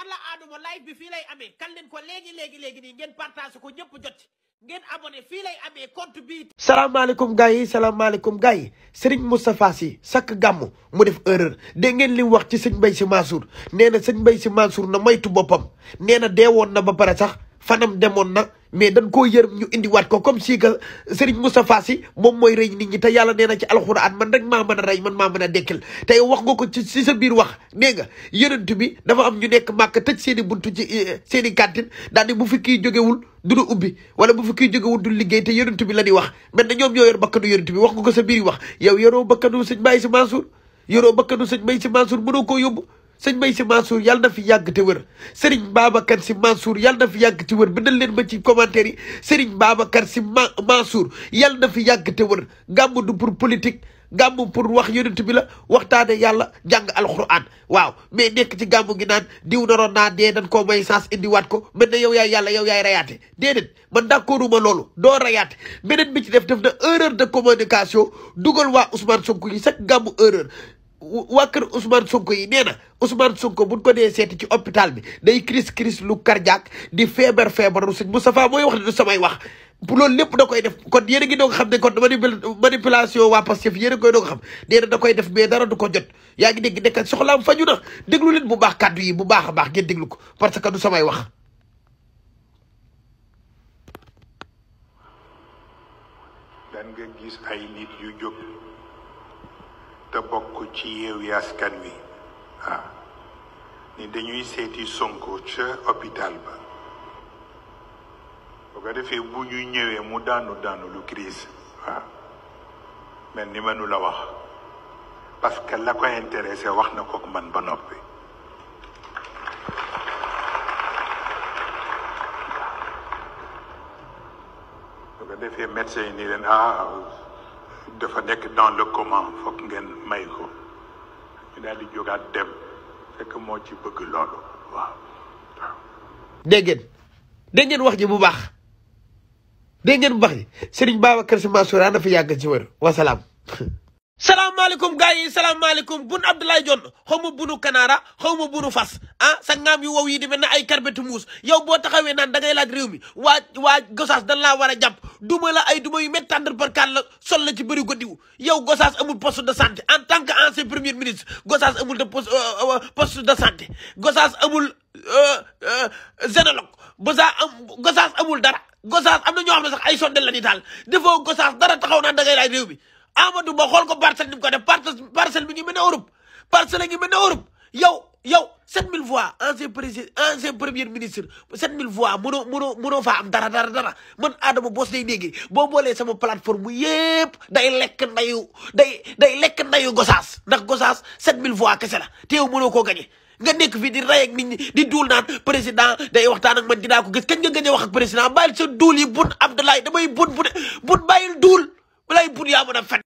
alla aaduma live bi fii lay amee kan leen ko léegi léegi léegi nii ngeen partage ko ñëpp jot ngeen abonné fii lay amee compte bi. salaamaaleykum gars yi salaamaaleykum gars yi Serigne Moustapha si sakk gàmm mu def erreur dégg ngeen li wax ci sëñ Mbaye Sy Mansour nee na sëñ Mbaye Sy Mansour na moytu boppam nee na deewoon na ba pare sax fanam demoon na. mais dañ koo yërëm ñu indiwaat ko comme si que Serigne Moustapha Sy moom mooy rey ni ñi te yàlla nee na ci alxuraan man rek maa mën a rey man maa a dekkil tey wax nga ko ci si sa biir wax nee nga yonent bi dafa am ñu nekk màkk tëj seeni i buntu ci eh, seeni i kantin daal ni bu fi kii jógewul du la ubbi wala bu fi kii jógewul du liggéey te yonent bi la ñuy wax mel na ñoom ñoo yor bakkanu yonent bi wax nga ko sa biir wax yow yoroo bakkanu sëñ Baye Sy Mansour yoroo bakkanu sëñ Baye Sy Mansour mënoo koo yóbbu sëñ Mbaye Sy Mansour yàlla na fi yàgg te wër Serigne Babacar Sy Mansour yàlla na fi yàgg te wër bindal leen ma ci commentaire yi Serigne Babacar Sy Mansour yàlla na fi yàgg te wër gàmmu du pour politique gàmmu pour wax yonent bi la waxtaane yàlla jàng alxuraan waaw mais nekk ci gàmmu gi naan diw naroon naa dee dañ koo may sens indiwaat ko mel na yow yaay yàlla yow yaay rayaate déedéet man d'accorduma loolu doo rayaate beneen bi ci def def na erreur de communication dugal waa Ousmane Sonko yi sax gàmmu erreur waa kër Ousmane Sonko yi nee na Ousmane Sonko buñ ko dee seeti ci hôpital bi day crise crise lu cardiaque di feebar feebar feebaru sëñ Moustapha mooy wax ne du samay wax loolu lépp da koy def kon yéen gi ngi doog xam ne kon manipulation waa Pastef yéen a koy doog xam nee na da koy def mais dara du ko jot yaa ngi dégg nekk soxlaam faju na déglu leen bu baax kàddu yi bu baax a baax ngeen déglu ko parce que du samay wax ay nit te bokk ci Yewwi yaaskan Wi waaw ni dañuy seeti Sonko ca hôpital ba boo ko defee bu ñu ñëwee mu daanu daanu lu crise waaw mel ni mënu la wax parce que la ko intéressé wax na ko man ba noppi boo ko defee médecin yi leen ah dafa nekk dans le comment foog ngeen may ko ñu daal di jógaat dem fekk moo ci bëgg loolu waaw waaw. dégg ngeen wax ji bu baax dégg ngeen bu baax ji Serigne Babacar Sy a na fi yàgg ci wër wasalaam. salaamaaleykum gars yi salaamaaleykum bun Abdoulaye Dione xaw ma bunu kanaara xaw ma bunu fas ah sa ngaam yu wow yi di mel ne ay karbetu muus yow boo taxawee naan da ngay laaj réew mi waa waa gosaas dañ laa war a jàpp duma la ay duma yu métti tàndar barkaan la sol la ci bëri godiwu yow gosaas amul post de santé en tant que ancien premier ministre gosaas amul de poste euh, euh, euh, poste de santé gosaas amul génologue gosaas am gosaas amul dara gosaas am na ñoo xam ne sax ay sondel la ñuy taal defoo gosaas dara taxaw naan da ngay laaj Amadou ma xool ko parcelle ni mu ko parcelle parcelle bi ngi mel ne Europe parcelle ngi mel ne Europe yow yow 7000 voix ancien président ancien premier ministre 7000 voix mënoo mënoo mënoo faa am dara dara dara man Adama Boss day déggee boo boolee sama plateforme yépp day lekk ndayu day day lekk ndayu Gosaas ndax Gosaas 7000 voix kese la te yow mënoo koo gañe nga nekk fii di rey ak nit ñi di duul naan président day waxtaan ak man dinaa ko gis kañ nga gëj a wax ak président bàyyil sa duul yi bun Abdoulaye damay bun bun duul balay bun yaa mën a fen